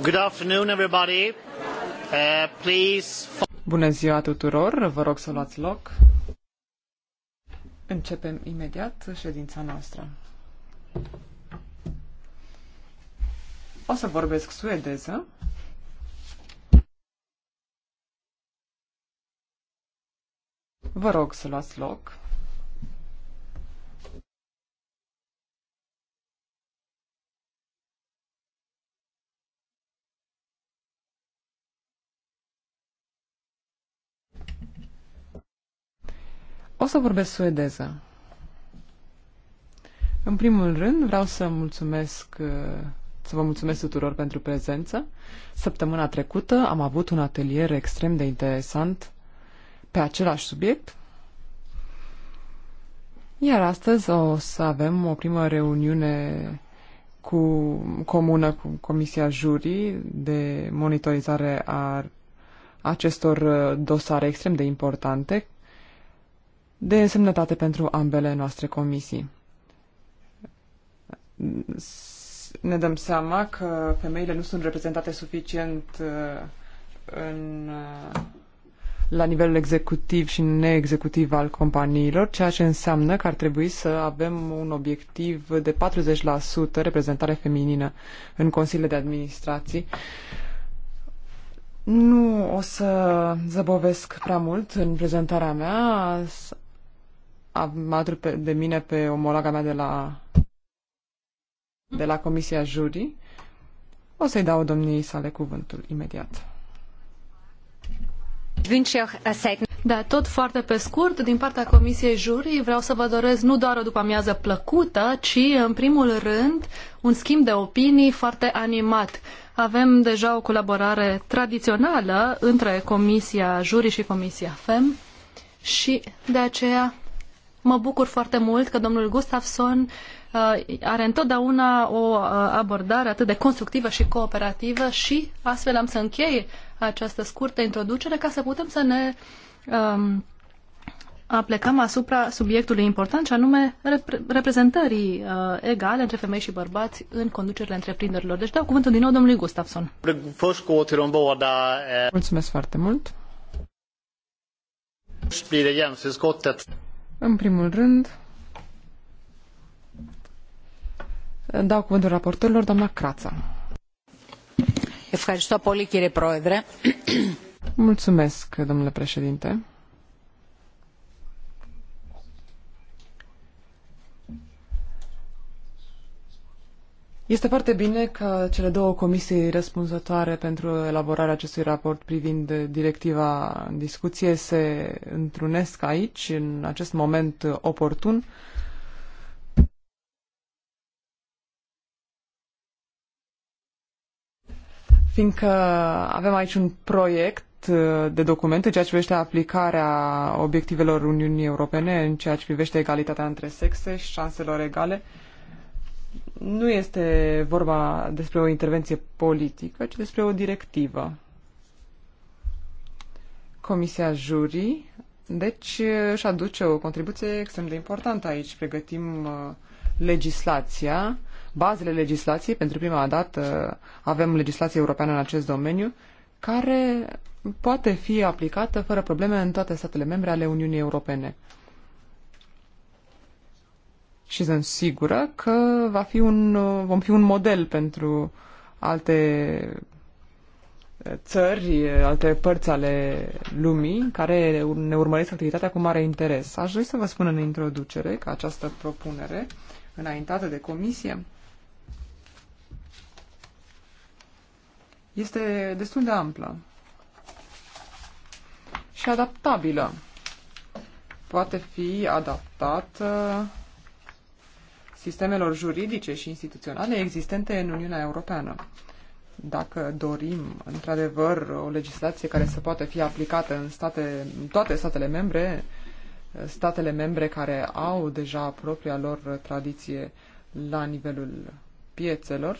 Good afternoon, everybody. Uh, please... Bună ziua tuturor, vă rog să luați loc. Începem imediat ședința noastră. O să vorbesc suedeză. Vă rog să luați loc. O să vorbesc suedeză. În primul rând, vreau să mulțumesc, uh, să vă mulțumesc tuturor pentru prezență. Săptămâna trecută am avut un atelier extrem de interesant pe același subiect. Iar astăzi o să avem o primă reuniune cu, comună cu Comisia Jurii de monitorizare a acestor uh, dosare extrem de importante de însemnătate pentru ambele noastre comisii. Ne dăm seama că femeile nu sunt reprezentate suficient uh, în, uh, la nivelul executiv și neexecutiv al companiilor, ceea ce înseamnă că ar trebui să avem un obiectiv de 40% reprezentare feminină în consiliile de administrații. Nu o să zăbovesc prea mult în prezentarea mea am alături pe, de mine pe omologa mea de la, de la Comisia Jurii. O să-i dau domniei sale cuvântul imediat. Da, tot foarte pe scurt, din partea Comisiei Jurii vreau să vă doresc nu doar o după-amiază plăcută, ci în primul rând un schimb de opinii foarte animat. Avem deja o colaborare tradițională între Comisia Jurii și Comisia FEM și de aceea Mă bucur foarte mult că domnul Gustafsson uh, are întotdeauna o uh, abordare atât de constructivă și cooperativă și astfel am să închei această scurtă introducere ca să putem să ne um, aplecăm asupra subiectului important și anume repre- reprezentării uh, egale între femei și bărbați în conducerile întreprinderilor. Deci dau cuvântul din nou domnului Gustafsson. Eh, Mulțumesc foarte mult! Blir det în primul rând, dau cuvântul raportorilor, doamna Crața. Mulțumesc, domnule președinte. Este foarte bine că cele două comisii răspunzătoare pentru elaborarea acestui raport privind directiva în discuție se întrunesc aici, în acest moment oportun. Fiindcă avem aici un proiect uh, de document în ceea ce privește aplicarea obiectivelor Uniunii Europene, în ceea ce privește egalitatea între sexe și șanselor egale, nu este vorba despre o intervenție politică, ci despre o directivă. Comisia Jurii, deci, își aduce o contribuție extrem de importantă aici. Pregătim uh, legislația, bazele legislației, pentru prima dată uh, avem legislație europeană în acest domeniu, care poate fi aplicată fără probleme în toate statele membre ale Uniunii Europene și sunt sigură că va fi un, vom fi un model pentru alte eh, țări, eh, alte părți ale lumii care ne urmăresc activitatea cu mare interes. Aș dori să vă spun în introducere că această propunere înaintată de comisie este destul de amplă și adaptabilă. Poate fi adaptată sistemelor juridice și instituționale existente în Uniunea Europeană. Dacă dorim, într-adevăr, o legislație care să poată fi aplicată în, state, toate statele membre, statele membre care au deja propria lor tradiție la nivelul piețelor,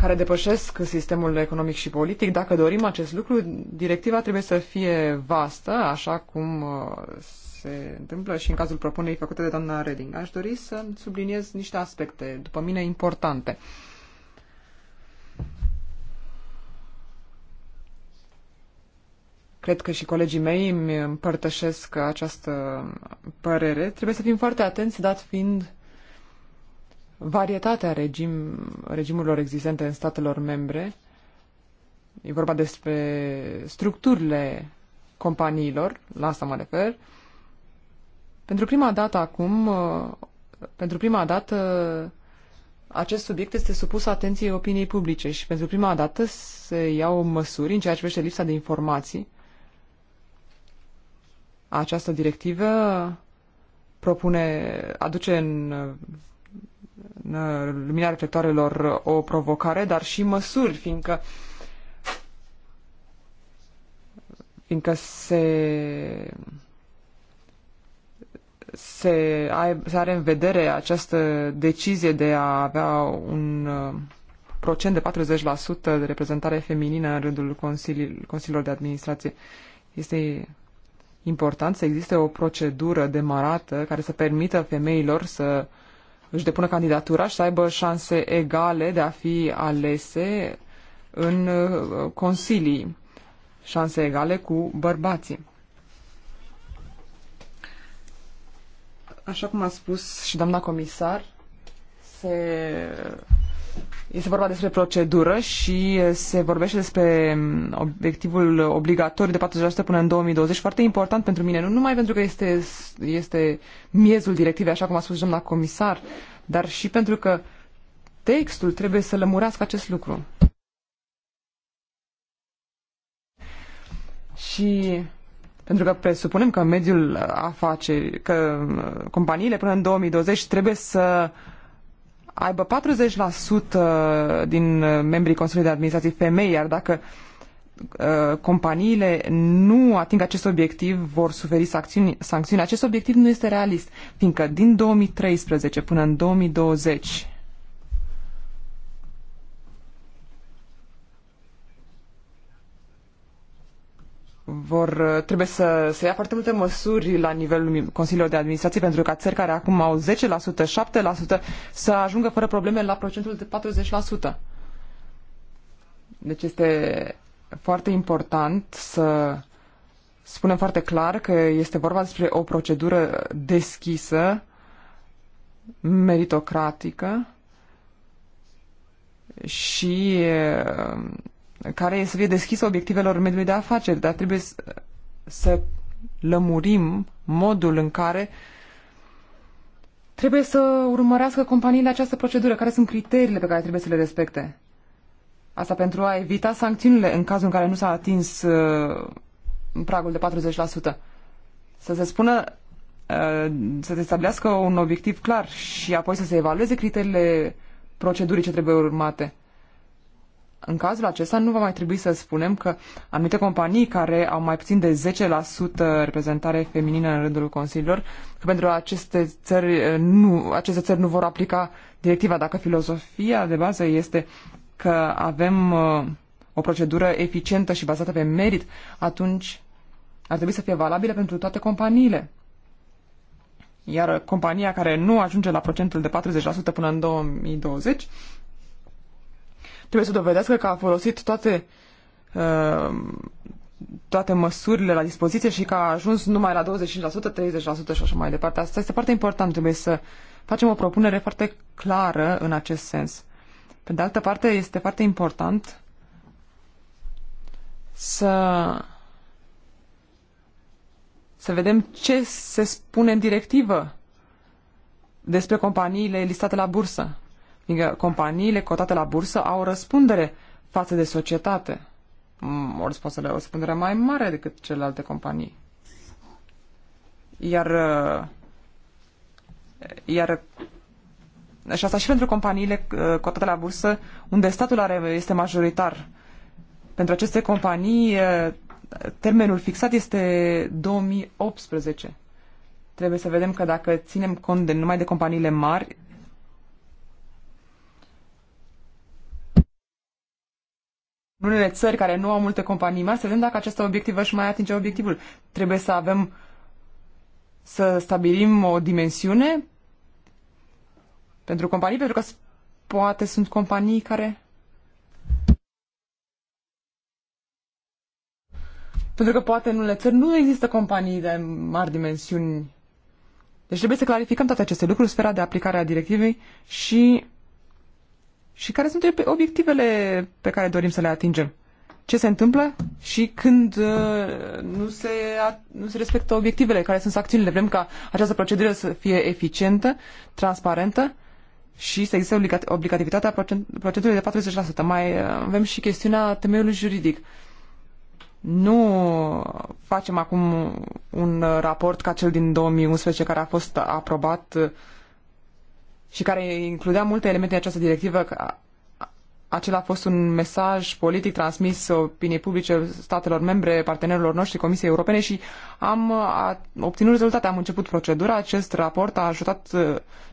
care depășesc sistemul economic și politic. Dacă dorim acest lucru, directiva trebuie să fie vastă, așa cum uh, se întâmplă și în cazul propunerii făcute de doamna Reding. Aș dori să subliniez niște aspecte, după mine, importante. Cred că și colegii mei îmi împărtășesc această părere. Trebuie să fim foarte atenți, dat fiind varietatea regim, regimurilor existente în statelor membre. E vorba despre structurile companiilor, la asta mă refer. Pentru prima dată acum, uh, pentru prima dată acest subiect este supus atenției opiniei publice și pentru prima dată se iau măsuri în ceea ce privește lipsa de informații. Această directivă propune, aduce în lumina reflectoarelor o provocare, dar și măsuri, fiindcă fiindcă se se, ai, se are în vedere această decizie de a avea un uh, procent de 40% de reprezentare feminină în rândul consiliilor de administrație. Este important să existe o procedură demarată care să permită femeilor să uh, își depună candidatura și să aibă șanse egale de a fi alese în uh, consilii, șanse egale cu bărbații. Așa cum a spus și doamna comisar, se este vorba despre procedură și se vorbește despre mm, obiectivul obligatoriu de 40% până în 2020, foarte important pentru mine, nu numai pentru că este, este miezul directivei, așa cum a spus doamna comisar, dar și pentru că textul trebuie să lămurească acest lucru. Și pentru că presupunem că mediul afaceri, că mm, companiile până în 2020 trebuie să uh, aibă 40% din uh, membrii Consiliului de Administrație femei, iar dacă uh, companiile nu ating acest obiectiv, vor suferi sancțiuni. sancțiuni. Acest obiectiv nu este realist, fiindcă din 2013 până în 2020 vor, trebuie să se ia foarte multe măsuri la nivelul Consiliului de Administrație pentru ca țări care acum au 10%, 7% să ajungă fără probleme la procentul de 40%. Deci este foarte important să spunem foarte clar că este vorba despre o procedură deschisă, meritocratică și care să fie deschisă obiectivelor mediului de afaceri, dar trebuie să, să lămurim modul în care trebuie să urmărească companiile această procedură, care sunt criteriile pe care trebuie să le respecte. Asta pentru a evita sancțiunile în cazul în care nu s-a atins uh, pragul de 40%. Să se spună, uh, să se stabilească un obiectiv clar și apoi să se evalueze criteriile procedurii ce trebuie urmate în cazul acesta nu va mai trebui să spunem că anumite companii care au mai puțin de 10% reprezentare feminină în rândul consiliilor, că pentru aceste țări eh, nu, aceste țări nu vor aplica directiva. Dacă filozofia de bază este că avem eh, o procedură eficientă și bazată pe merit, atunci ar trebui să fie valabilă pentru toate companiile. Iar compania care nu ajunge la procentul de 40% până în 2020 trebuie să dovedească că a folosit toate, uh, toate măsurile la dispoziție și că a ajuns numai la 25%, 30% și așa mai departe. Asta este foarte important. Trebuie să facem o propunere foarte clară în acest sens. Pe de altă parte, este foarte important să să vedem ce se spune în directivă despre companiile listate la bursă fiindcă companiile cotate la bursă au răspundere față de societate. Mm, o răspundere, o răspundere mai mare decât celelalte companii. Iar, uh, iar uh, și asta și pentru companiile uh, cotate la bursă, unde statul are, este majoritar. Pentru aceste companii, termenul fixat este 2018. Trebuie să vedem că dacă ținem cont de, numai de companiile mari, în unele țări care nu au multe companii mari, să vedem dacă aceste obiective își mai atinge obiectivul. Trebuie să avem, să stabilim o dimensiune pentru companii, pentru că poate sunt companii care... Pentru că poate în unele țări nu există companii de mari dimensiuni. Deci trebuie să clarificăm toate aceste lucruri, sfera de aplicare a directivei și și care sunt obiectivele pe care dorim să le atingem. Ce se întâmplă și când uh, nu se, nu se respectă obiectivele, care sunt acțiunile, Vrem ca această procedură să fie eficientă, transparentă și să existe obligativitatea procedurii de 40%. Mai uh, avem și chestiunea temeiului juridic. Nu facem acum un uh, raport ca cel din 2011 care a fost aprobat și care includea multe elemente în această directivă, acela a fost un mesaj politic transmis opiniei publice statelor membre, partenerilor noștri, Comisiei Europene și am obținut rezultate. Am început procedura, acest raport a ajutat,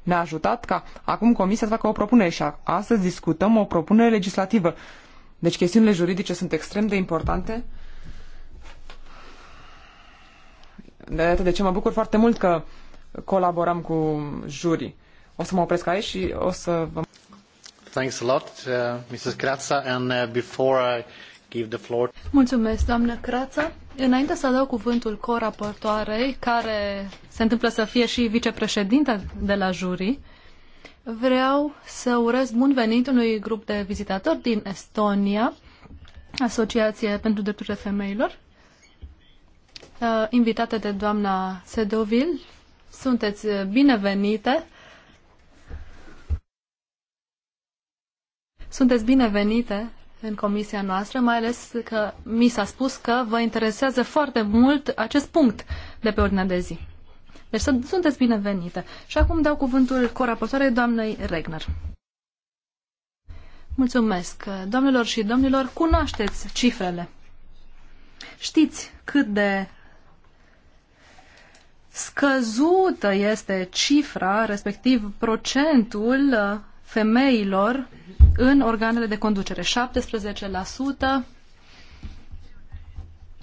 ne-a ajutat ca acum Comisia să facă o propunere și astăzi discutăm o propunere legislativă. Deci chestiunile juridice sunt extrem de importante. De, de ce mă bucur foarte mult că colaborăm cu jurii. O să mă opresc aici și o să vă... Thanks a lot, uh, Mrs. Grazza, and uh, before I give the floor... Mulțumesc, doamnă Crața. Înainte să dau cuvântul co-raportoarei, care se întâmplă să fie și vicepreședinta de la jurii, vreau să urez bun venit unui grup de vizitatori din Estonia, Asociație pentru Drepturile Femeilor, uh, invitate de doamna Sedovil. Sunteți binevenite Sunteți binevenite în comisia noastră, mai ales că mi s-a spus că vă interesează foarte mult acest punct de pe ordinea de zi. Deci sunteți binevenite. Și acum dau cuvântul coraportoarei doamnei Regner. Mulțumesc. Doamnelor și domnilor, cunoașteți cifrele. Știți cât de scăzută este cifra, respectiv procentul femeilor în organele de conducere, 17%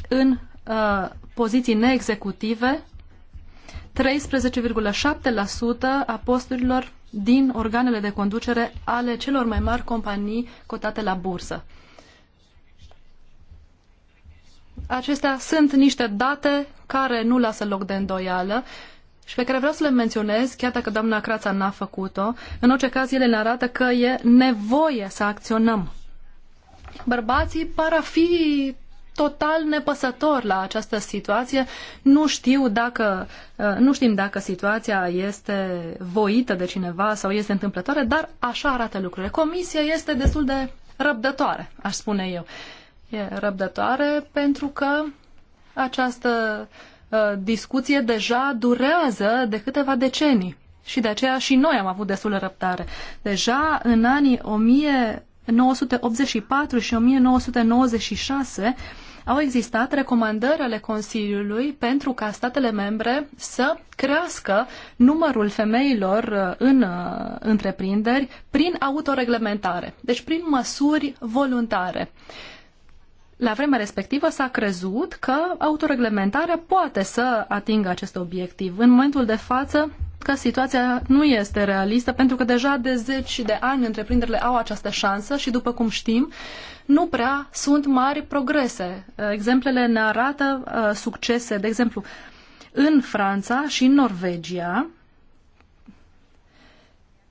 în uh, poziții neexecutive, 13,7% a posturilor din organele de conducere ale celor mai mari companii cotate la bursă. Acestea sunt niște date care nu lasă loc de îndoială. Uh, și pe care vreau să le menționez, chiar dacă doamna Crața n-a făcut-o, în orice caz ele ne arată că e nevoie să acționăm. Bărbații par a fi total nepăsător la această situație. Nu știu dacă, uh, nu știm dacă situația este voită de cineva sau este întâmplătoare, dar așa arată lucrurile. Comisia este destul de răbdătoare, aș spune eu. E răbdătoare pentru că această uh, Uh, discuție deja durează de câteva decenii. Și de aceea și noi am avut destul de răbdare. Deja în anii 1984 și 1996 au existat recomandări ale Consiliului pentru ca statele membre să crească numărul femeilor uh, în uh, întreprinderi prin autoreglementare, deci prin măsuri voluntare. Uh, la vremea respectivă s-a crezut că autoreglementarea poate să atingă acest obiectiv. În momentul de față, că situația nu este realistă, pentru că deja de zeci de ani întreprinderile au această șansă și, după cum știm, nu prea sunt mari progrese. Exemplele ne arată uh, succese, de exemplu, în Franța și în Norvegia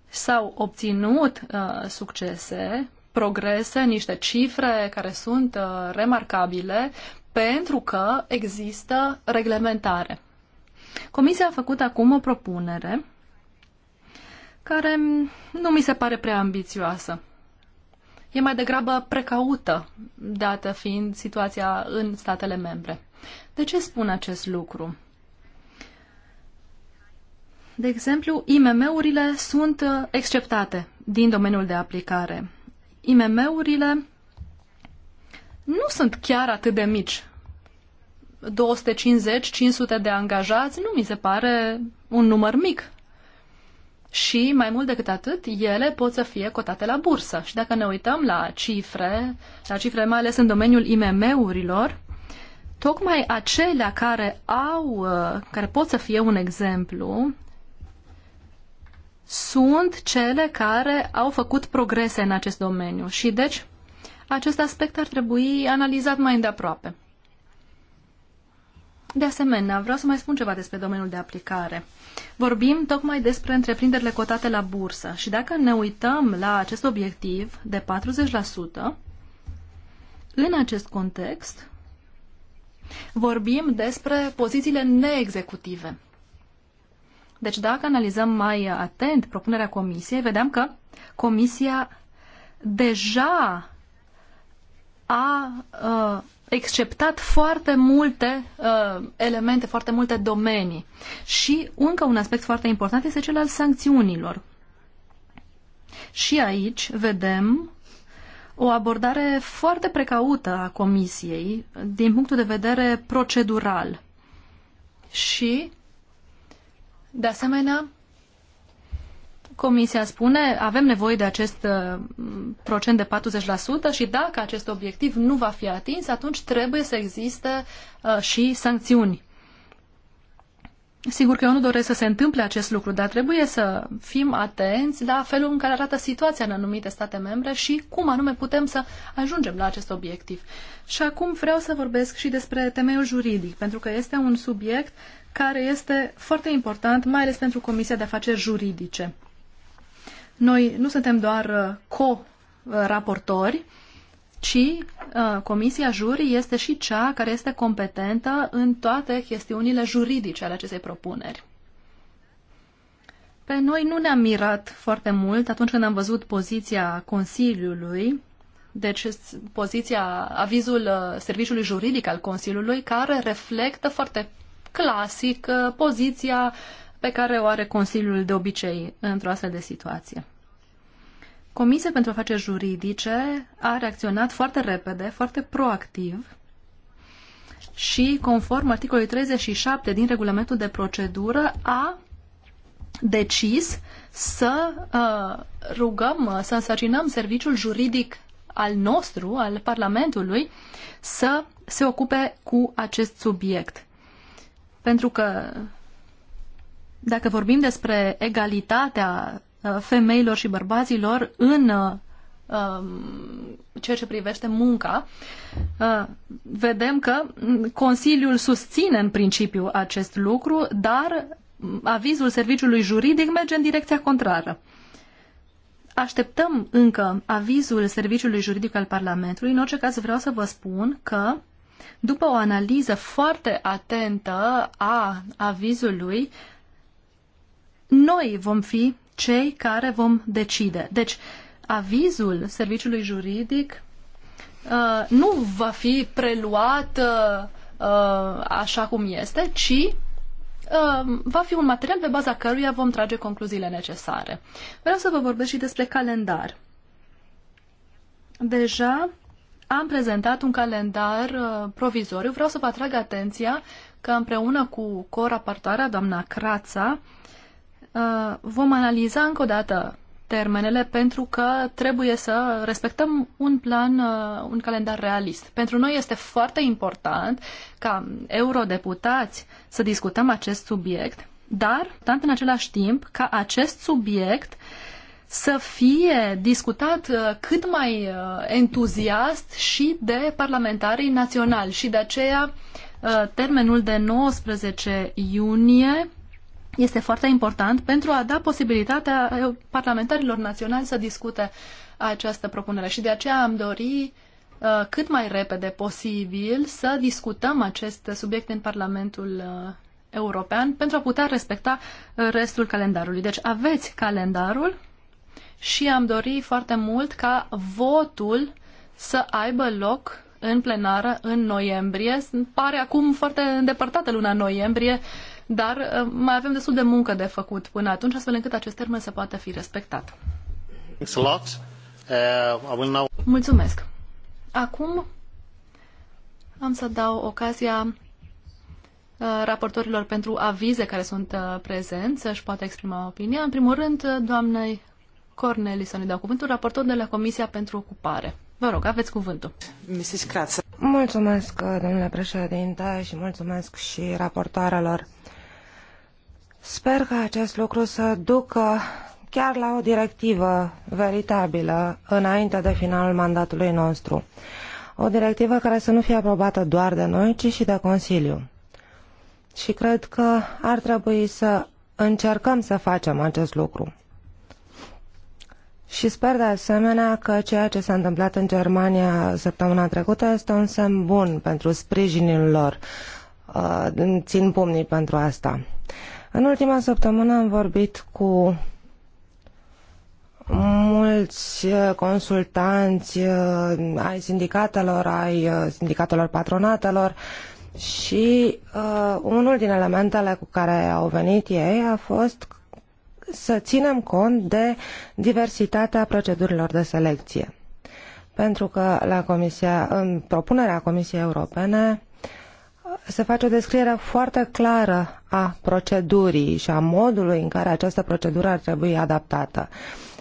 s-au obținut uh, succese progrese, niște cifre care sunt uh, remarcabile, pentru că există reglementare. Comisia a făcut acum o propunere care nu mi se pare prea ambițioasă. E mai degrabă precaută, dată fiind situația în statele membre. De ce spun acest lucru? De exemplu, IMM-urile sunt uh, exceptate din domeniul de aplicare IMM-urile nu sunt chiar atât de mici. 250-500 de angajați nu mi se pare un număr mic. Și mai mult decât atât, ele pot să fie cotate la bursă. Și dacă ne uităm la cifre, la cifre mai ales în domeniul IMM-urilor, tocmai acelea care au, uh, care pot să fie un exemplu sunt cele care au făcut progrese în acest domeniu și deci acest aspect ar trebui analizat mai îndeaproape. De asemenea, vreau să mai spun ceva despre domeniul de aplicare. Vorbim tocmai despre întreprinderile cotate la bursă și dacă ne uităm la acest obiectiv de 40%, în acest context vorbim despre pozițiile neexecutive. Deci dacă analizăm mai atent propunerea comisiei, vedem că comisia deja a uh, exceptat foarte multe uh, elemente, foarte multe domenii. Și încă un aspect foarte important este cel al sancțiunilor. Și aici vedem o abordare foarte precaută a Comisiei din punctul de vedere procedural. Și de asemenea, Comisia spune avem nevoie de acest uh, procent de 40% și dacă acest obiectiv nu va fi atins, atunci trebuie să existe uh, și sancțiuni. Sigur că eu nu doresc să se întâmple acest lucru, dar trebuie să fim atenți la felul în care arată situația în anumite state membre și cum anume putem să ajungem la acest obiectiv. Și acum vreau să vorbesc și despre temeiul juridic, pentru că este un subiect care este foarte important, mai ales pentru Comisia de Afaceri Juridice. Noi nu suntem doar uh, co-raportori, uh, ci uh, Comisia Jurii este și cea care este competentă în toate chestiunile juridice ale acestei propuneri. Pe noi nu ne-am mirat foarte mult atunci când am văzut poziția Consiliului, deci poziția, avizul uh, serviciului juridic al Consiliului, care reflectă foarte clasic uh, poziția pe care o are Consiliul de obicei într-o astfel de situație. Comisia pentru Afaceri Juridice a reacționat foarte repede, foarte proactiv și, conform articolului 37 din regulamentul de procedură, a decis să uh, rugăm, să însărcinăm serviciul juridic al nostru, al Parlamentului, să se ocupe cu acest subiect. Pentru că dacă vorbim despre egalitatea Uh, femeilor și bărbaților în uh, um, ceea ce privește munca, uh, vedem că Consiliul susține în principiu acest lucru, dar avizul serviciului juridic merge în direcția contrară. Așteptăm încă avizul serviciului juridic al Parlamentului. În orice caz vreau să vă spun că după o analiză foarte atentă a avizului, noi vom fi cei care vom decide. Deci, avizul serviciului juridic uh, nu va fi preluat uh, uh așa cum este, ci uh, va fi un material pe baza căruia vom trage concluziile necesare. Vreau să vă vorbesc și despre calendar. Deja am prezentat un calendar uh, provizoriu. Vreau să vă atrag atenția că împreună cu corapartarea, doamna Crața, uh, Uh, vom analiza încă o dată termenele pentru că trebuie să respectăm un plan, uh, un calendar realist. Pentru noi este foarte important ca eurodeputați să discutăm acest subiect, dar tant în același timp ca acest subiect să fie discutat uh, cât mai entuziast și de parlamentarii naționali și de aceea termenul de 19 iunie este foarte important pentru a da posibilitatea eh, parlamentarilor naționali să discute această propunere. Și de aceea am dori eh, cât mai repede posibil să discutăm acest subiect în Parlamentul eh, European pentru a putea respecta restul calendarului. Deci aveți calendarul și am dori foarte mult ca votul să aibă loc în plenară în noiembrie. Pare acum foarte îndepărtată luna noiembrie, uh, dar uh, mai avem destul de muncă de făcut până atunci, astfel încât acest termen să poată fi respectat. Uh, mulțumesc. Acum am să dau ocazia uh, raportorilor pentru avize care sunt prezenți să-și poată exprima opinia. În primul rând, doamnei să ne dau cuvântul, raportor de la Comisia pentru Ocupare. Vă rog, aveți cuvântul. Mulțumesc, domnule președinte, și mulțumesc și raportoarelor Sper că acest lucru să ducă chiar la o directivă veritabilă înainte de finalul mandatului nostru. O directivă care să nu fie aprobată doar de noi, ci și de Consiliu. Și cred că ar trebui să încercăm să facem acest lucru. Și sper de asemenea că ceea ce s-a întâmplat în Germania săptămâna trecută este un semn bun pentru sprijinul lor. Uh, țin pumnii pentru asta. În ultima săptămână am vorbit cu mulți uh, consultanți uh, ai sindicatelor, ai uh, sindicatelor patronatelor și uh, unul din elementele cu care au venit ei a fost să ținem cont de diversitatea procedurilor de selecție. Pentru că la comisia, în propunerea Comisiei Europene se face o descriere foarte clară a procedurii și a modului în care această procedură ar trebui adaptată.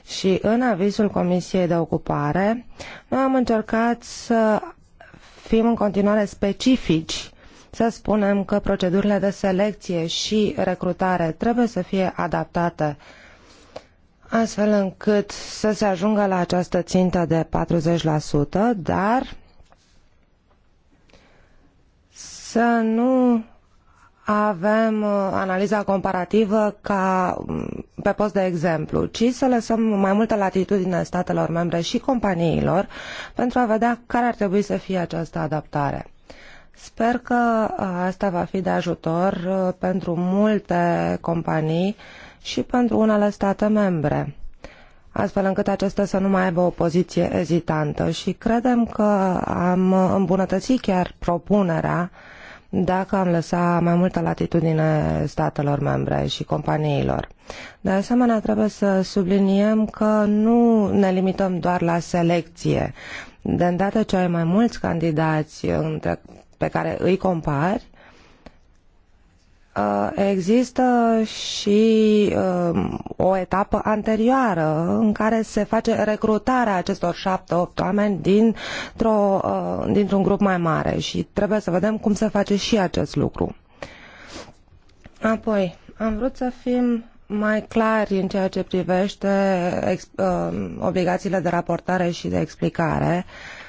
Și în avizul Comisiei de Ocupare, noi am încercat să fim în continuare specifici să spunem că procedurile de selecție și recrutare trebuie să fie adaptate astfel încât să se ajungă la această țintă de 40%, dar să nu avem uh, analiza comparativă ca um, pe post de exemplu, ci să lăsăm mai multă latitudine statelor membre și companiilor pentru a vedea care ar trebui să fie această adaptare. Sper că uh, asta va fi de ajutor uh, pentru multe companii și pentru unele state membre, astfel încât acestea să nu mai aibă o poziție ezitantă și credem că am îmbunătățit chiar propunerea uh, dacă am lăsa mai multă latitudine statelor membre și companiilor. De asemenea, trebuie să subliniem că nu ne limităm doar la selecție. De îndată ce ai mai mulți candidați pe care îi compari, Uh, există și um, o etapă anterioară în care se face recrutarea acestor șapte-opt oameni dintr uh, dintr-un grup mai mare și trebuie să vedem cum se face și acest lucru. Apoi, am vrut să fim mai clari în ceea ce privește ex, um, obligațiile de raportare și de explicare. Uh,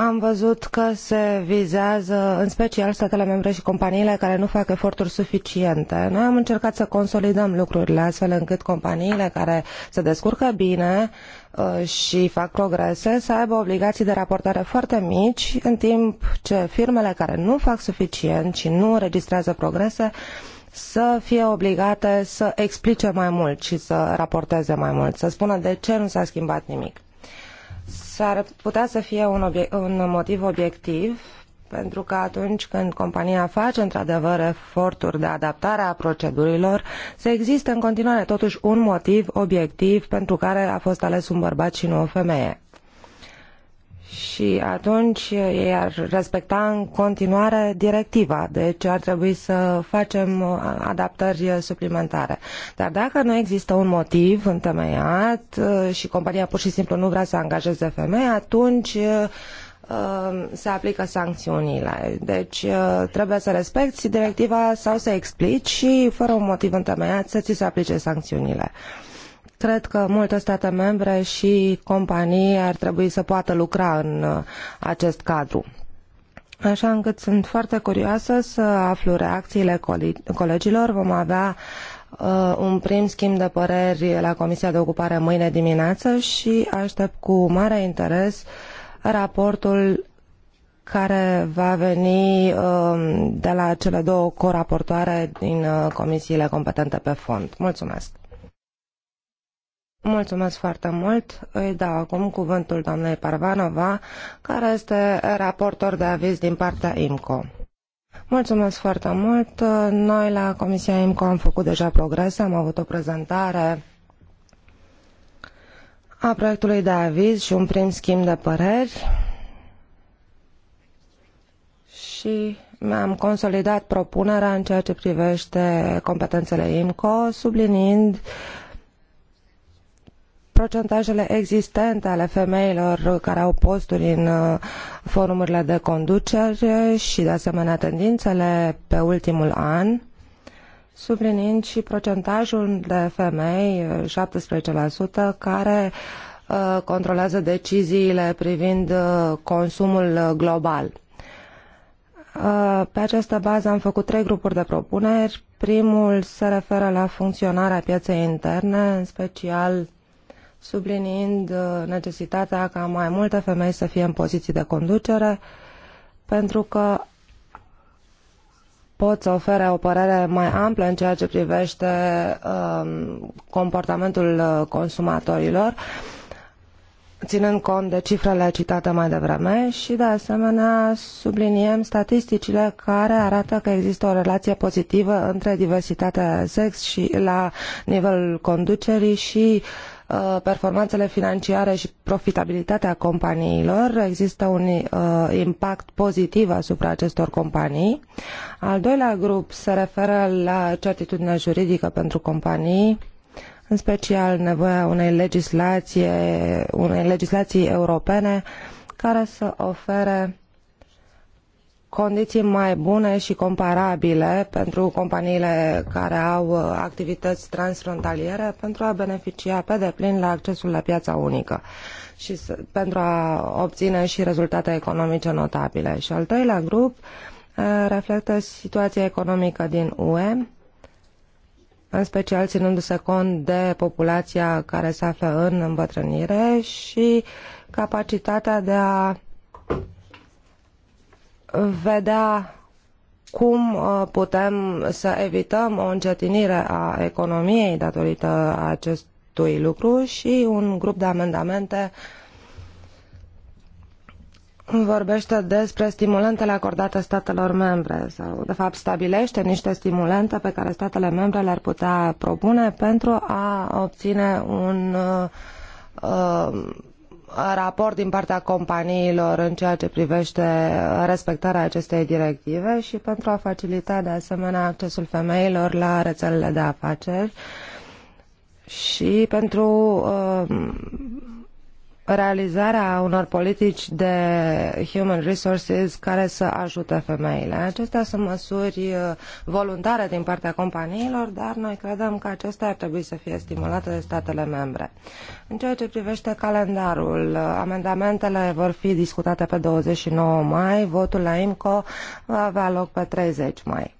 am văzut că se vizează în special statele membre și companiile care nu fac eforturi suficiente. Noi am încercat să consolidăm lucrurile astfel încât companiile care se descurcă bine uh, și fac progrese să aibă obligații de raportare foarte mici, în timp ce firmele care nu fac suficient și nu înregistrează progrese să fie obligate să explice mai mult și să raporteze mai mult, să spună de ce nu s-a schimbat nimic s-ar putea să fie un, obiect, un motiv obiectiv, pentru că atunci când compania face într-adevăr eforturi de adaptare a procedurilor, să există în continuare totuși un motiv obiectiv pentru care a fost ales un bărbat și nu o femeie și atunci ei ar respecta în continuare directiva, deci ar trebui să facem uh, adaptări suplimentare. Dar dacă nu există un motiv întemeiat uh, și compania pur și simplu nu vrea să angajeze femei, atunci uh, se aplică sancțiunile. Deci trebuie să respecti directiva sau să explici și fără un motiv întemeiat să ți se aplice sancțiunile. Uh, Cred că multe state membre și companii ar trebui să poată lucra în uh, acest cadru. Așa încât sunt foarte curioasă să aflu reacțiile colegilor. Vom avea uh, un prim schimb de păreri la Comisia de Ocupare mâine dimineață și aștept cu mare interes raportul care va veni uh, de la cele două coraportoare din uh, comisiile competente pe fond. Mulțumesc! Mulțumesc foarte mult. Îi dau acum cuvântul doamnei Parvanova, care este raportor de aviz din partea IMCO. Mulțumesc foarte mult. Noi la Comisia IMCO am făcut deja progrese, am avut o prezentare a proiectului de aviz și un prim schimb de păreri și mi-am consolidat propunerea în ceea ce privește competențele IMCO, subliniind uh, procentajele existente ale femeilor care au posturi în uh, forumurile de conducere și de asemenea tendințele pe ultimul an, sublinind și procentajul de femei, 17%, care uh, controlează deciziile privind uh, consumul global. Pe această bază am făcut trei grupuri de propuneri. Primul se referă la funcționarea pieței interne, în special subliniind uh, necesitatea ca mai multe femei să fie în poziții de conducere, pentru că pot să ofere o părere mai amplă în ceea ce privește um, comportamentul uh, consumatorilor, ținând cont de cifrele citate mai devreme și, de asemenea, subliniem statisticile care arată că există o relație pozitivă între diversitatea sex și la nivelul conducerii și uh, Uh, performanțele financiare și profitabilitatea companiilor. Există un uh, impact pozitiv asupra acestor companii. Al doilea grup se referă la certitudinea juridică pentru companii în special nevoia unei legislații, unei legislații europene care să ofere condiții mai bune și comparabile pentru companiile care au uh, activități transfrontaliere pentru a beneficia pe deplin la accesul la piața unică și pentru a obține și rezultate economice notabile. Și al doilea grup uh, reflectă situația economică din UE, în special ținându-se cont de populația care se află în îmbătrânire și capacitatea de a vedea cum uh, putem să evităm o încetinire a economiei datorită acestui lucru și un grup de amendamente vorbește despre stimulentele acordate statelor membre sau, de fapt, stabilește niște stimulente pe care statele membre le-ar putea propune pentru a obține un uh, uh raport din partea companiilor în ceea ce privește respectarea acestei directive și pentru a facilita de asemenea accesul femeilor la rețelele de afaceri și pentru uh, realizarea unor politici de human resources care să ajute femeile. Acestea sunt măsuri uh, voluntare din partea companiilor, dar noi credem că acestea ar trebui să fie stimulate de statele membre. În ceea ce privește calendarul, uh, amendamentele vor fi discutate pe 29 mai, votul la IMCO va avea loc pe 30 mai.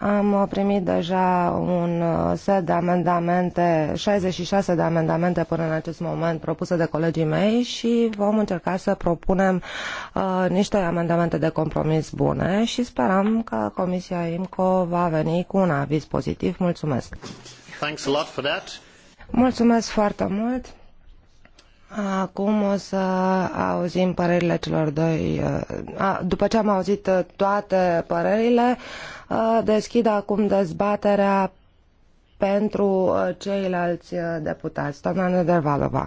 Am primit deja un uh, set de amendamente, 66 de amendamente până în acest moment propuse de colegii mei și vom încerca să propunem uh, niște amendamente de compromis bune și sperăm că Comisia IMCO va veni cu un aviz pozitiv. Mulțumesc! Mulțumesc foarte mult! Acum o să auzim părerile celor doi. Uh, după ce am auzit uh, toate părerile, uh, deschid acum dezbaterea pentru ceilalți deputați. Doamna Nedervalova.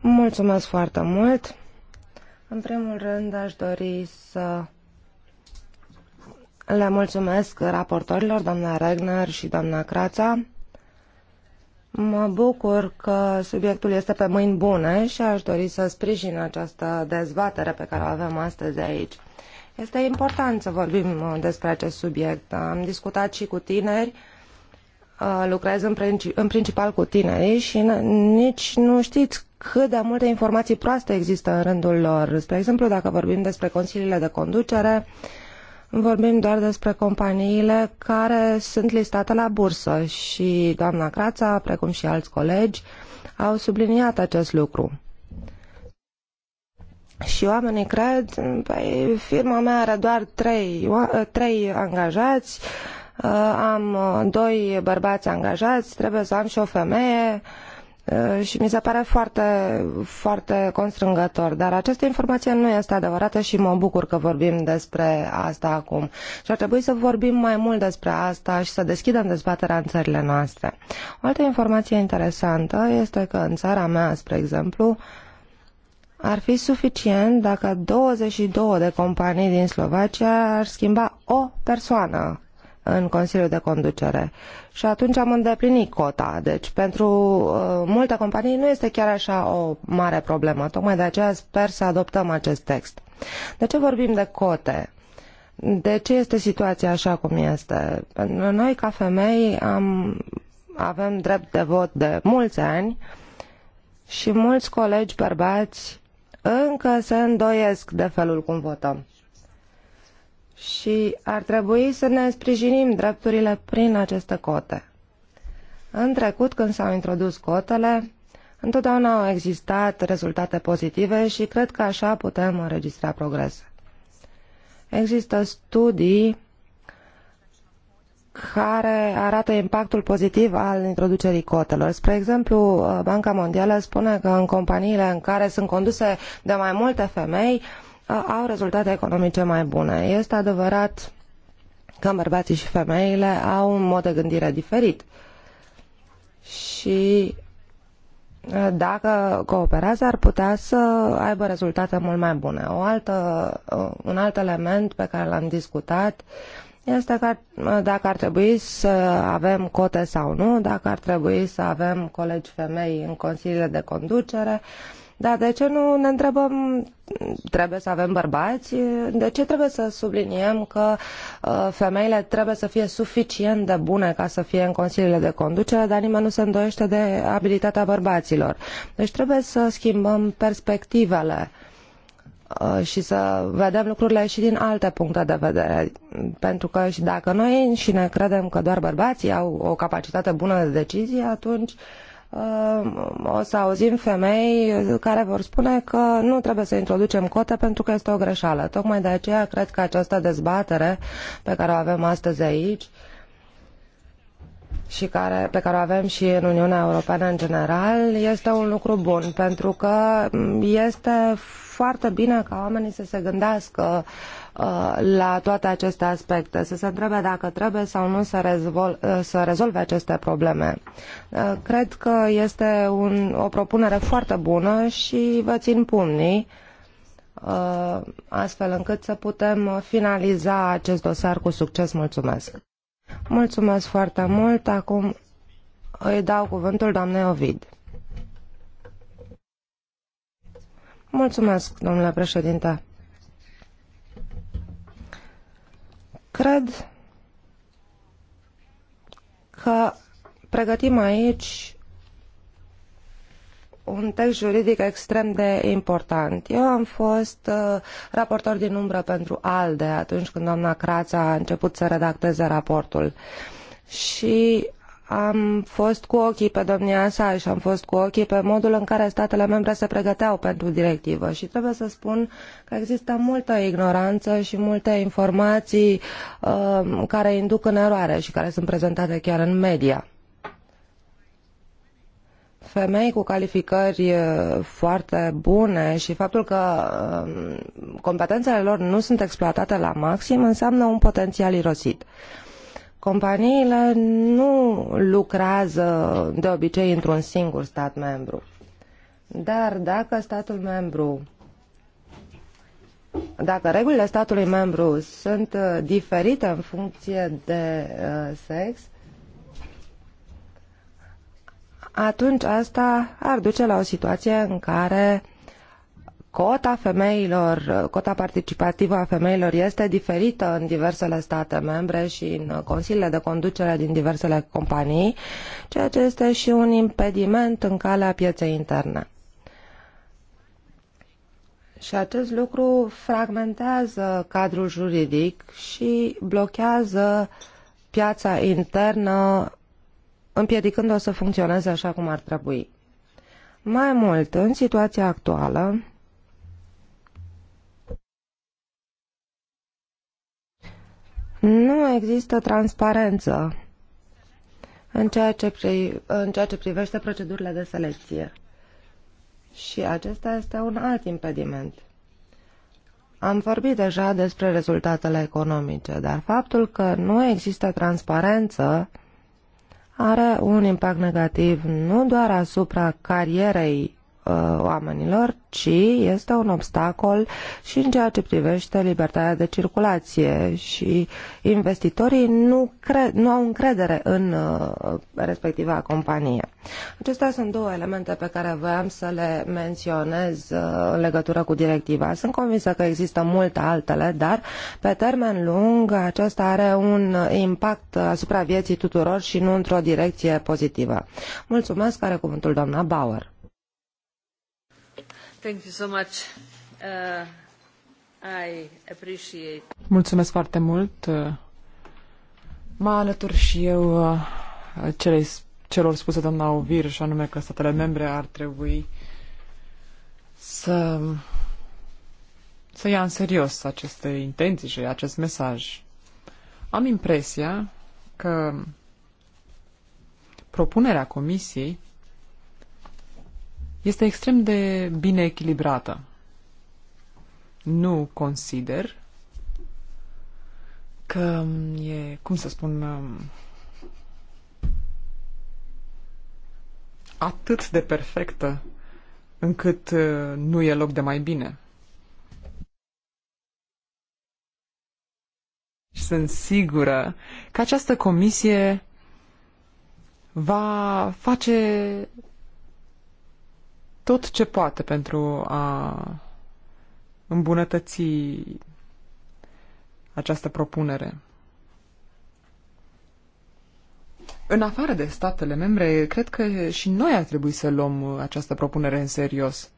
Mulțumesc foarte mult. În primul rând aș dori să le mulțumesc raportorilor, doamna Regner și doamna Crața, Mă bucur că subiectul este pe mâini bune și aș dori să sprijin această dezbatere pe care o avem astăzi aici. Este important să vorbim uh, despre acest subiect. Am discutat și cu tineri, uh, lucrez în, în principal cu tineri și nici nu știți cât de multe informații proaste există în rândul lor. Spre exemplu, dacă vorbim despre consiliile de conducere, vorbim doar despre companiile care sunt listate la bursă și doamna Crața, precum și alți colegi, au subliniat acest lucru. Și oamenii cred, păi, firma mea are doar trei, trei angajați, uh, am uh, doi bărbați angajați, trebuie să am și o femeie, uh, Uh, și mi se pare foarte, foarte constrângător. Dar această informație nu este adevărată și mă bucur că vorbim despre asta acum. Și ar trebui să vorbim mai mult despre asta și să deschidem dezbaterea în țările noastre. O altă informație interesantă este că în țara mea, spre exemplu, ar fi suficient dacă 22 de companii din Slovacia ar schimba o persoană în Consiliul de Conducere. Și atunci am îndeplinit cota. Deci pentru uh, multe companii nu este chiar așa o mare problemă. Tocmai de aceea sper să adoptăm acest text. De ce vorbim de cote? De ce este situația așa cum este? noi, ca femei, am, avem drept de vot de mulți ani și mulți colegi bărbați încă se îndoiesc de felul cum votăm și ar trebui să ne sprijinim drepturile prin aceste cote. În trecut, când s-au introdus cotele, întotdeauna au existat rezultate pozitive și cred că așa putem înregistra progrese. Există studii care arată impactul pozitiv al introducerii cotelor. Spre exemplu, Banca Mondială spune că în companiile în care sunt conduse de mai multe femei, uh, Uh, au rezultate economice mai bune. Este adevărat că bărbații și femeile au un mod de gândire diferit și uh, dacă cooperează ar putea să aibă rezultate mult mai bune. O altă, uh, un alt element pe care l-am discutat este că dacă ar trebui să avem cote sau nu, dacă ar trebui să avem colegi femei în consiliile de conducere, uh, dar de ce nu ne întrebăm, trebuie să avem bărbați? De ce trebuie să subliniem că uh, femeile trebuie să fie suficient de bune ca să fie în consiliile de conducere, dar nimeni nu se îndoiește de abilitatea bărbaților? Deci trebuie să schimbăm perspectivele uh, și să vedem lucrurile și din alte puncte de vedere. Pentru că și dacă noi și ne credem că doar bărbații au o capacitate bună de decizie, atunci uh, Ehm, o să auzim femei care vor spune că nu trebuie să introducem cote pentru că este o greșeală. Tocmai de aceea cred că această dezbatere pe care o avem astăzi aici și care, pe care o avem și în Uniunea Europeană în general, este un lucru bun, pentru că este foarte bine ca oamenii să se gândească Uh, la toate aceste aspecte, să se întrebe dacă trebuie sau nu să, rezvol, uh, să rezolve aceste probleme. Uh, cred că este un, o propunere foarte bună și vă țin pumnii astfel încât să putem finaliza acest dosar cu succes. Mulțumesc! Mulțumesc foarte mult! Acum îi dau cuvântul doamnei Ovid. Mulțumesc, domnule președinte! Cred că pregătim aici un text juridic extrem de important. Eu am fost uh, raportor din umbră pentru ALDE atunci când doamna Crața a început să redacteze raportul. Și am fost cu ochii pe domnia sa și am fost cu ochii pe modul în care statele membre se pregăteau pentru directivă și trebuie să spun că există multă ignoranță și multe informații uh, care induc în eroare și care sunt prezentate chiar în media. Femei cu calificări uh, foarte bune și faptul că um, competențele lor nu sunt exploatate la maxim înseamnă un potențial irosit. Uh, Companiile nu lucrează de obicei într-un singur stat membru. Dar dacă statul membru dacă regulile statului membru sunt uh, diferite în funcție de uh, sex, atunci asta ar duce la o situație în care cota femeilor, cota participativă a femeilor este diferită în diversele state membre și în consiliile de conducere din diversele companii, ceea ce este și un impediment în calea pieței interne. Și acest lucru fragmentează cadrul juridic și blochează piața internă, împiedicând-o să funcționeze așa cum ar trebui. Mai mult, în situația actuală, Nu există transparență în ceea ce, pri, în ceea ce privește procedurile de selecție. Și acesta este un alt impediment. Am vorbit deja despre rezultatele economice, dar faptul că nu există transparență are un impact negativ nu doar asupra carierei Uh, oamenilor, ci este un obstacol și în ceea ce privește libertatea de circulație și investitorii nu, cred, nu au încredere în uh, respectiva companie. Acestea sunt două elemente pe care voiam să le menționez uh, în legătură cu directiva. Sunt convinsă că există multe altele, dar pe termen lung aceasta are un impact asupra vieții tuturor și nu într-o direcție pozitivă. Mulțumesc, are cuvântul doamna Bauer. Uh, Mulțumesc foarte mult. Mă alătur și eu uh, cele, celor spuse doamna Ovir, și anume că statele membre ar trebui să, să ia în serios aceste intenții și acest mesaj. Am impresia că propunerea comisiei este extrem de bine echilibrată. Nu consider că e, cum să spun, um, atât de perfectă încât uh, nu e loc de mai bine. Sunt sigură că această comisie va face tot ce poate pentru a îmbunătăți această propunere. În afară de statele membre, cred că și noi ar trebui să luăm această propunere în serios.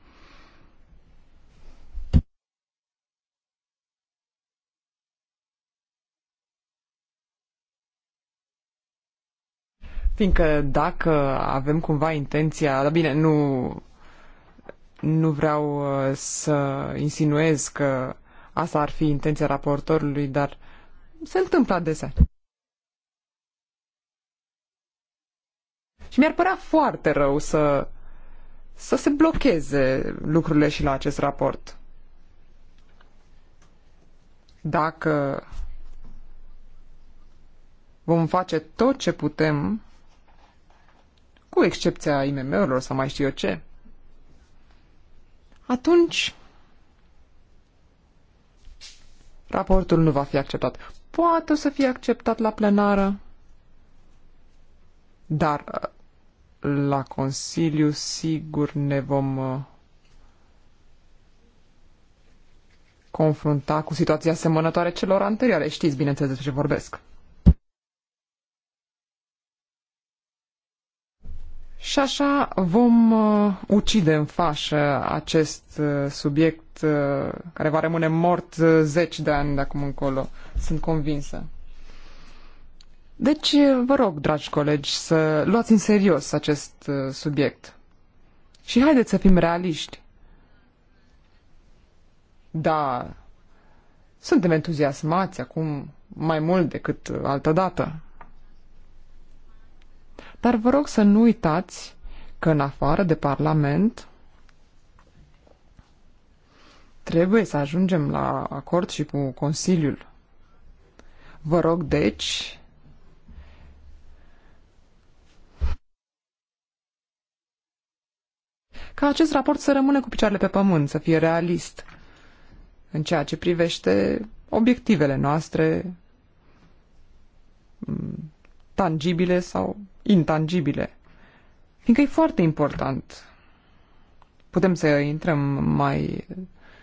Fiindcă dacă avem cumva intenția, dar bine, nu nu vreau uh, să insinuez că asta ar fi intenția raportorului, dar se întâmplă adesea. Și mi-ar părea foarte rău să, să se blocheze lucrurile și la acest raport. Dacă vom face tot ce putem, cu excepția IMM-urilor sau mai știu eu ce, atunci raportul nu va fi acceptat. Poate o să fie acceptat la plenară, dar uh, la Consiliu sigur ne vom uh, confrunta cu situația asemănătoare celor anterioare. Știți, bineînțeles, despre ce vorbesc. Și așa vom uh, ucide în fașă acest uh, subiect uh, care va rămâne mort uh, zeci de ani de acum încolo. Sunt convinsă. Deci, uh, vă rog, dragi colegi, să luați în serios acest uh, subiect. Și haideți să fim realiști. Da, suntem entuziasmați acum mai mult decât altădată. Dar vă rog să nu uitați că în afară de Parlament trebuie să ajungem la acord și cu Consiliul. Vă rog, deci, ca acest raport să rămână cu picioarele pe pământ, să fie realist în ceea ce privește obiectivele noastre tangibile sau intangibile. Fiindcă e foarte important. Putem să intrăm mai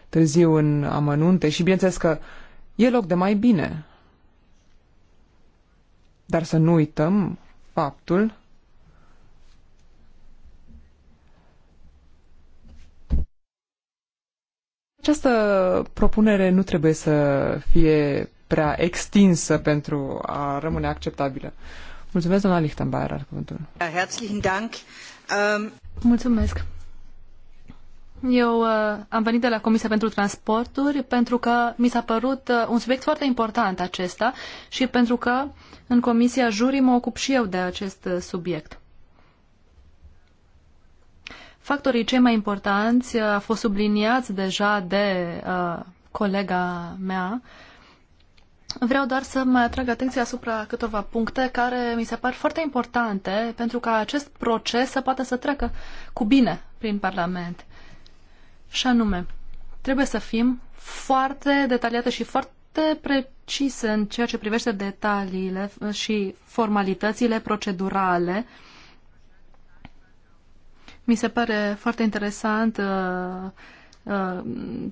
târziu în amănunte și bineînțeles că e loc de mai bine. Dar să nu uităm faptul Această propunere nu trebuie să fie prea extinsă pentru a rămâne acceptabilă. Mulțumesc, doamna Lichtenbauer, are cuvântul. Herzlichen Dank. Ähm, Mulțumesc. Eu uh, am venit de la Comisia pentru Transporturi pentru că mi s-a părut uh, un subiect foarte important acesta și pentru că în Comisia Jurii mă ocup și eu de acest uh, subiect. Factorii cei mai importanți uh, au fost subliniați deja de uh, colega mea uh, Vreau doar să mai atrag atenția asupra câteva puncte care mi se par foarte importante pentru ca acest proces să poată să treacă cu bine prin Parlament. Și anume, trebuie să fim foarte detaliate și foarte precise în ceea ce privește detaliile și formalitățile procedurale. Mi se pare foarte interesant uh, Uh,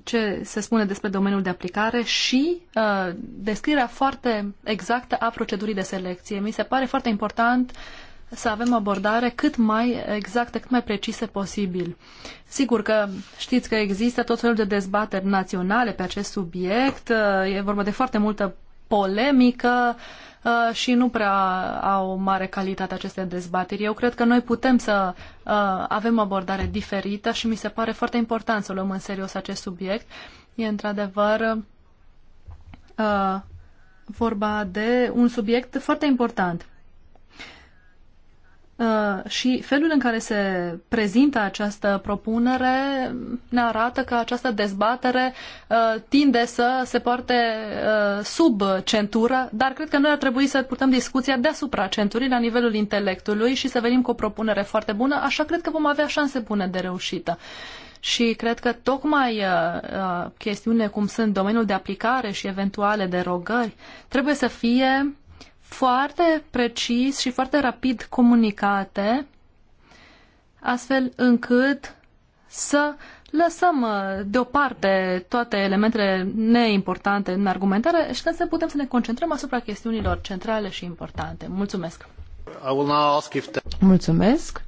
ce se spune despre domeniul de aplicare și uh, descrierea foarte exactă a procedurii de selecție. Mi se pare foarte important să avem abordare cât mai exactă, cât mai precise posibil. Sigur că știți că există tot felul de dezbateri naționale pe acest subiect, uh, e vorba de foarte multă polemică uh, și nu prea au mare calitate aceste dezbateri. Eu cred că noi putem să uh, avem abordare diferită și mi se pare foarte important să luăm în serios acest subiect. E într-adevăr uh, vorba de un subiect foarte important. Uh, și felul în care se prezintă această propunere ne arată că această dezbatere uh, tinde să se poarte uh, sub centură, dar cred că noi ar trebui să purtăm discuția deasupra centurii, la nivelul intelectului și să venim cu o propunere foarte bună, așa cred că vom avea șanse bune de reușită. Și cred că tocmai chestiunile cum sunt domeniul de aplicare și eventuale derogări trebuie să fie foarte precis și foarte rapid comunicate, astfel încât să lăsăm uh, deoparte toate elementele neimportante în argumentare și să putem să ne concentrăm asupra chestiunilor centrale și importante. Mulțumesc! Mulțumesc!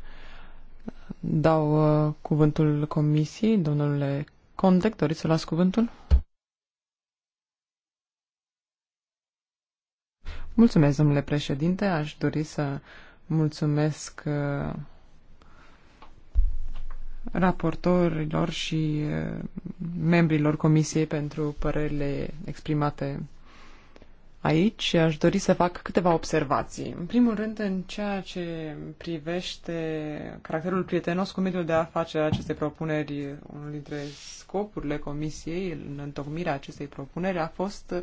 Dau uh, cuvântul comisiei, domnule Condec, doriți să luați cuvântul? Mulțumesc, domnule președinte. Aș dori să mulțumesc uh, raportorilor și uh, membrilor comisiei pentru părerile exprimate Aici aș dori să fac câteva observații. În primul rând, în ceea ce privește caracterul prietenos cu mediul de afaceri aceste propuneri, unul dintre scopurile comisiei în întocmirea acestei propuneri a fost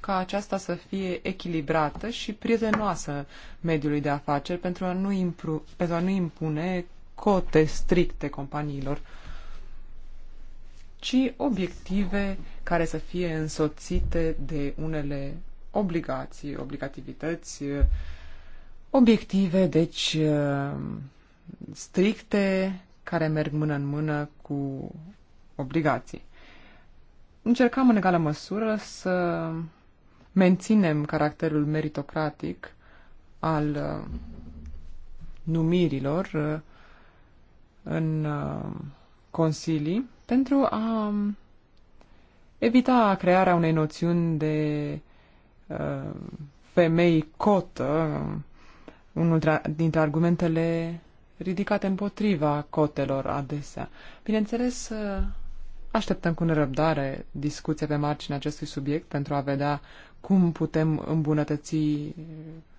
ca aceasta să fie echilibrată și prietenoasă mediului de afaceri pentru a nu, impru- pentru a nu impune cote stricte companiilor ci obiective care să fie însoțite de unele obligații, obligativități, obiective, deci eh, stricte, care merg mână în mână cu obligații. Încercam în egală măsură să menținem caracterul meritocratic al eh, numirilor eh, în consilii pentru a mm, evita crearea unei noțiuni de Uh, femei cotă, uh, unul dintre argumentele ridicate împotriva cotelor adesea. Bineînțeles, uh, așteptăm cu nerăbdare discuția pe marginea acestui subiect pentru a vedea cum putem îmbunătăți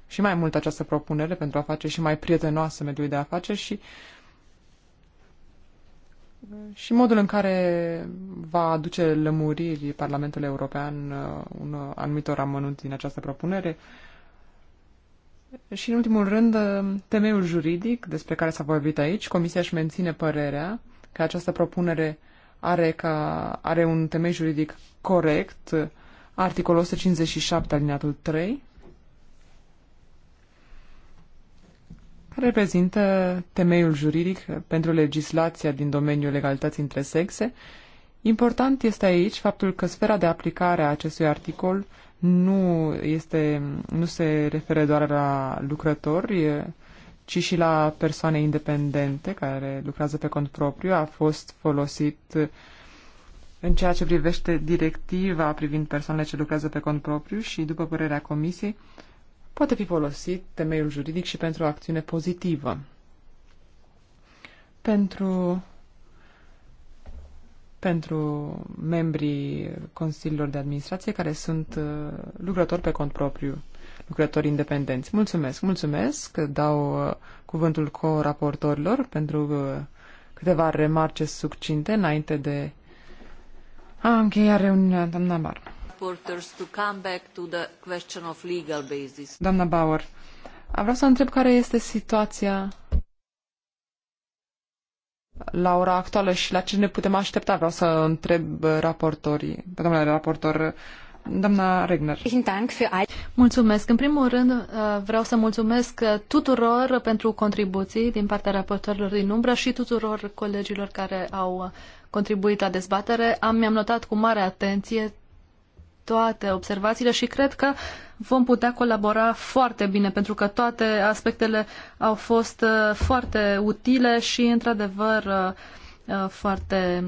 și mai mult această propunere pentru a face și mai prietenoasă mediul de afaceri și și modul în care va aduce lămuriri Parlamentul European uh, un anumitor amănunt din această propunere. Și, în ultimul rând, uh, temeiul juridic despre care s-a vorbit aici. Comisia își menține părerea că această propunere are, ca, are un temei juridic corect, uh, articolul 157 alineatul 3, reprezintă temeiul juridic pentru legislația din domeniul legalității între sexe. Important este aici faptul că sfera de aplicare a acestui articol nu, este, nu se referă doar la lucrători, ci și la persoane independente care lucrează pe cont propriu. A fost folosit în ceea ce privește directiva privind persoanele ce lucrează pe cont propriu și, după părerea Comisiei, poate fi folosit temeiul juridic și pentru o acțiune pozitivă. Pentru, pentru membrii consiliilor de administrație care sunt uh, lucrători pe cont propriu, lucrători independenți. Mulțumesc, mulțumesc, că dau uh, cuvântul co-raportorilor pentru uh, câteva remarce succinte înainte de a încheia reuniunea, doamna Bar rapporteurs Doamna Bauer, vreau să întreb care este situația la ora actuală și la ce ne putem aștepta. Vreau să întreb uh, raportorii, pe doamna raportor, doamna Regner. Mulțumesc. În primul rând, uh, vreau să mulțumesc uh, tuturor pentru contribuții din partea raportorilor din umbră și tuturor colegilor care au contribuit la dezbatere. Am, mi-am notat cu mare atenție toate observațiile și cred că vom putea colabora foarte bine, pentru că toate aspectele au fost uh, foarte utile și, într-adevăr, uh, uh, foarte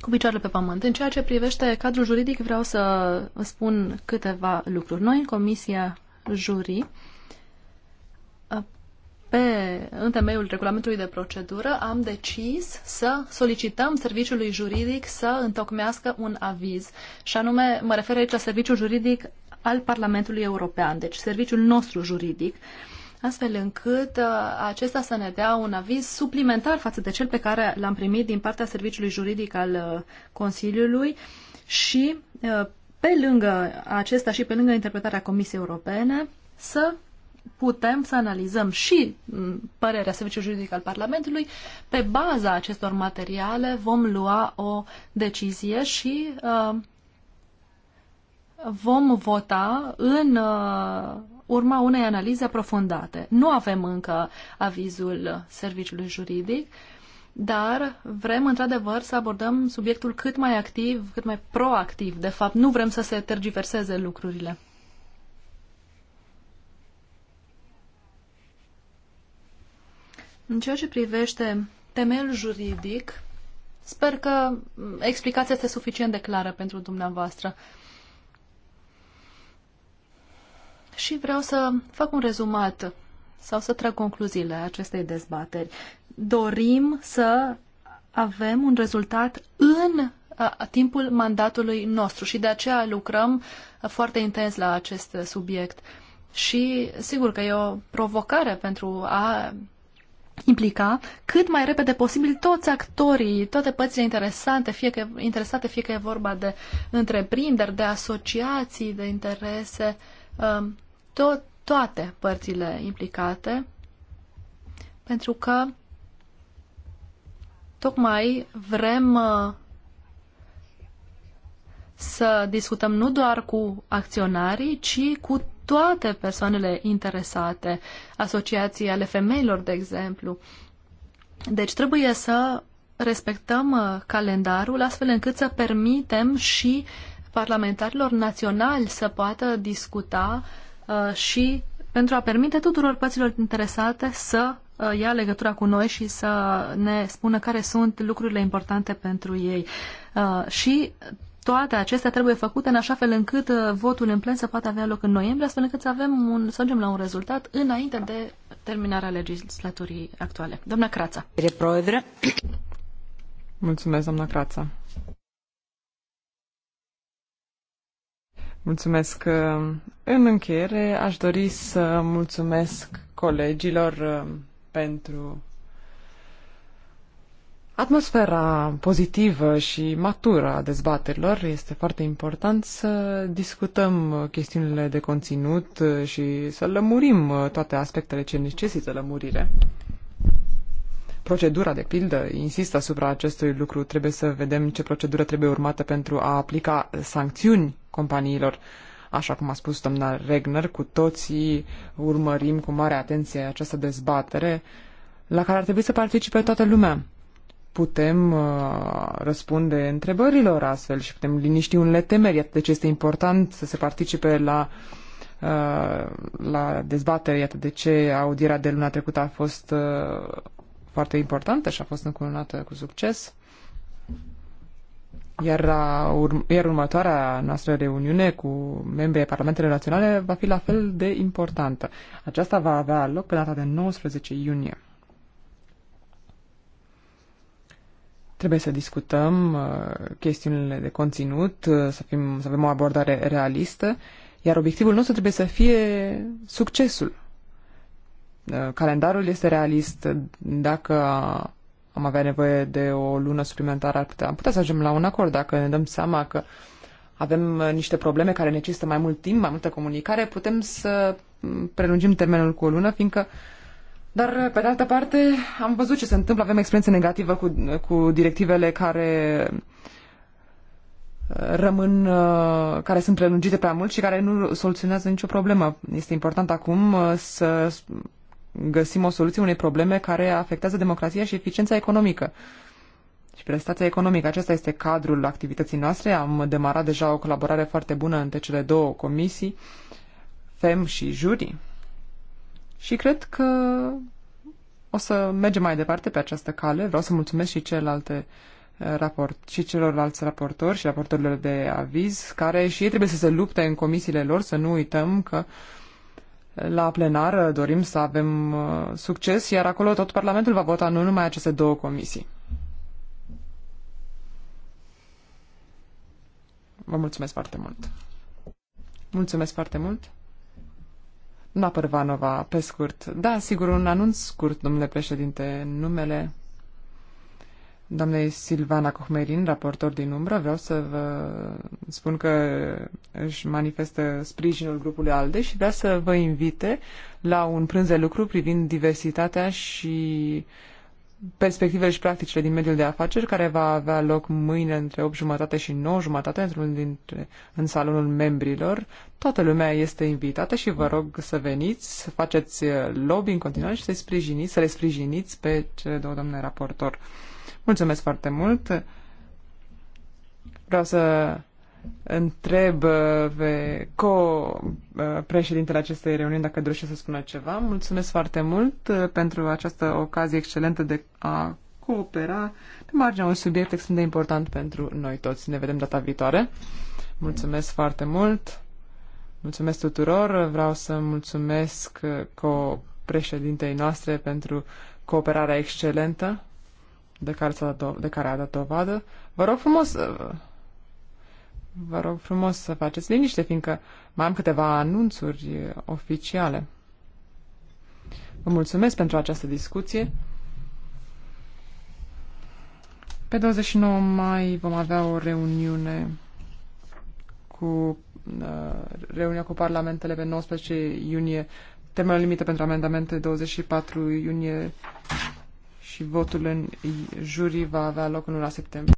cu picioarele pe pământ. În ceea ce privește cadrul juridic, vreau să spun câteva lucruri. Noi, în Comisia Jurii, pe, în temeiul regulamentului de procedură, am decis să solicităm serviciului juridic să întocmească un aviz. Și anume, mă refer aici la serviciul juridic al Parlamentului European, deci serviciul nostru juridic, astfel încât uh, acesta să ne dea un aviz suplimentar față de cel pe care l-am primit din partea serviciului juridic al uh, Consiliului și uh, pe lângă acesta și pe lângă interpretarea Comisiei Europene, să putem să analizăm și mm, părerea Serviciului Juridic al Parlamentului. Pe baza acestor materiale vom lua o decizie și uh, vom vota în uh, urma unei analize aprofundate. Nu avem încă avizul Serviciului Juridic, dar vrem într-adevăr să abordăm subiectul cât mai activ, cât mai proactiv. De fapt, nu vrem să se tergiverseze lucrurile. În ceea ce privește temel juridic, sper că explicația este suficient de clară pentru dumneavoastră. Și vreau să fac un rezumat sau să trag concluziile acestei dezbateri. Dorim să avem un rezultat în timpul mandatului nostru și de aceea lucrăm foarte intens la acest subiect. Și sigur că e o provocare pentru a implica cât mai repede posibil toți actorii, toate părțile interesante, fie că, interesate, fie că e vorba de întreprinderi, de asociații, de interese, um, to- toate părțile implicate, pentru că tocmai vrem uh, să discutăm nu doar cu acționarii, ci cu toate persoanele interesate, asociații ale femeilor, de exemplu. Deci trebuie să respectăm uh, calendarul astfel încât să permitem și parlamentarilor naționali să poată discuta uh, și pentru a permite tuturor părților interesate să uh, ia legătura cu noi și să ne spună care sunt lucrurile importante pentru ei. Și toate acestea trebuie făcute în așa fel încât uh, votul în plen să poată avea loc în noiembrie, astfel încât să, avem un, să ajungem la un rezultat înainte de terminarea legislaturii actuale. Doamna Crața. Mulțumesc, doamna Crața. Mulțumesc. Uh, în încheiere, aș dori să mulțumesc colegilor uh, pentru Atmosfera pozitivă și matură a dezbaterilor este foarte important să discutăm chestiunile de conținut și să lămurim toate aspectele ce necesită lămurire. Procedura, de pildă, insistă asupra acestui lucru, trebuie să vedem ce procedură trebuie urmată pentru a aplica sancțiuni companiilor. Așa cum a spus doamna Regner, cu toții urmărim cu mare atenție această dezbatere la care ar trebui să participe toată lumea putem uh, răspunde întrebărilor astfel și putem liniști unele temeri. Iată de ce este important să se participe la, uh, la dezbatere. Iată de ce audierea de luna trecută a fost uh, foarte importantă și a fost încununată cu succes. Iar, la urm- iar următoarea noastră reuniune cu membrii Parlamentelor Naționale va fi la fel de importantă. Aceasta va avea loc pe data de 19 iunie. Trebuie să discutăm uh, chestiunile de conținut, uh, să, fim, să avem o abordare realistă, iar obiectivul nostru trebuie să fie succesul. Uh, calendarul este realist. Dacă am avea nevoie de o lună suplimentară, ar putea, am putea să ajungem la un acord. Dacă ne dăm seama că avem niște probleme care necesită mai mult timp, mai multă comunicare, putem să mm, prelungim termenul cu o lună, fiindcă uh, dar, pe de altă parte, am văzut ce se întâmplă, avem experiențe negative cu, cu directivele care uh, rămân, uh, care sunt prelungite prea mult și care nu soluționează nicio problemă. Este important acum uh, să găsim o soluție unei probleme care afectează democrația și eficiența economică și prestația economică. Acesta este cadrul activității noastre. Am demarat deja o colaborare foarte bună între cele două comisii, FEM și Juri. Și cred că o să mergem mai departe pe această cale. Vreau să mulțumesc și celelalte eh, raport, și celorlalți raportori și raportorilor de aviz, care și ei trebuie să se lupte în comisiile lor, să nu uităm că eh, la plenar dorim să avem eh, succes, iar acolo tot Parlamentul va vota nu numai aceste două comisii. Vă mulțumesc foarte mult! Mulțumesc foarte mult! Da, Părvanova, pe scurt. Da, sigur, un anunț scurt, domnule președinte, numele doamnei Silvana Cohmerin, raportor din umbră, vreau să vă spun că își manifestă sprijinul grupului ALDE și vrea să vă invite la un prânz de lucru privind diversitatea și uh, perspectivele și practicile din mediul de afaceri, care va avea loc mâine între 8 jumătate și 9 jumătate într-unul dintre, în salonul membrilor. Toată lumea este invitată și vă rog să veniți, să faceți uh, lobby în continuare și să, sprijiniți, să le sprijiniți pe cele două domne raportor. Mulțumesc foarte mult! Vreau să întreb uh, pe co-președintele acestei reuniuni dacă dorește să spună ceva. Mulțumesc foarte mult uh, pentru această ocazie excelentă de a coopera pe marginea unui subiect extrem de important pentru noi toți. Ne vedem data viitoare. Mulțumesc foarte mult. Mulțumesc tuturor. Vreau să mulțumesc uh, co-președintei noastre pentru cooperarea excelentă de care, a dat, de care a dat dovadă. Vă rog frumos, Vă rog frumos să faceți liniște, fiindcă mai am câteva anunțuri oficiale. Vă mulțumesc pentru această discuție. Pe 29 mai vom avea o reuniune cu uh, reuniunea cu parlamentele pe 19 iunie, termenul limită pentru amendamente 24 iunie și votul în jurii va avea loc în 1 septembrie.